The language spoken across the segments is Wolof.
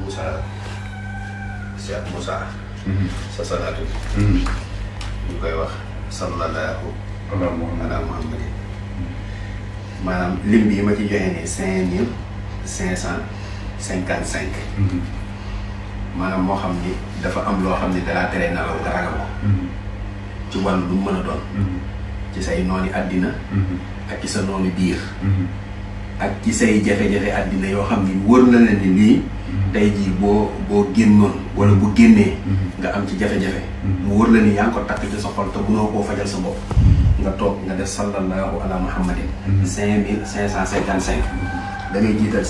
musa Cheikh Musa sa salaatu ñu koy sallallahu muhammad hmm. malam lim bi ma ci joxe ne cinq mille cinq cent cinquante cinq hmm. maanaam dafa am loo xam tere nalaw nga ragal ko hmm. ci wàllu lu mën a doon ci say nooni tay ji bo bo gennon wala bu genné mhm. nga am ci jafé jafé mhm. mu wër la ni yang ko takk ci soxol xol bu no ko fajal sa bop mhm. nga tok nga def sallallahu ala muhammadin 5555 mille cinq cent da ngay jiital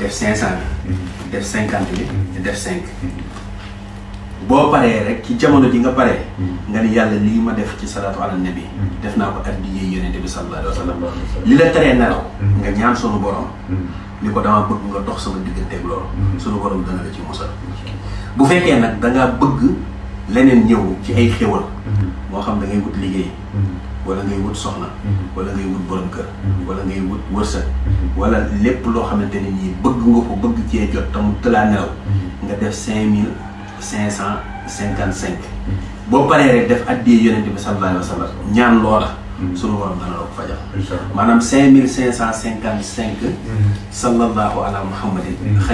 def 500 def cinquante def 5 bo paré rek ci jamono ji nga paré nga ni yalla li ma def ci salatu ala nabi def naa ko addiyee yonente sallallahu alaihi wasallam li la téré nelaw nga ñaan sonu borom ni ko dama bëgg nga dox sama digganteeg loolu. Mm-hmm. suñu borom dana la ci mosal. bu fekkee nag da bëgg leneen ñëw ci ay xéwal. Mm-hmm. moo xam da ngay wut liggéey. Mm-hmm. wala ngay wut soxna. wala ngay wut borom kër. wala ngay wut wërsëg. wala lépp loo xamante ne nii bëgg nga ko bëgg cee jot tam tëlaa nelaw. nga def cinq mille cinq cent cinquante cinq. boo paree rek def addiyee yonent bi sallallahu alayhi wa ñaan loola. sunu borom dana la ko fajal. incha allah maanaam 5555. sallallahu ala muhammadin.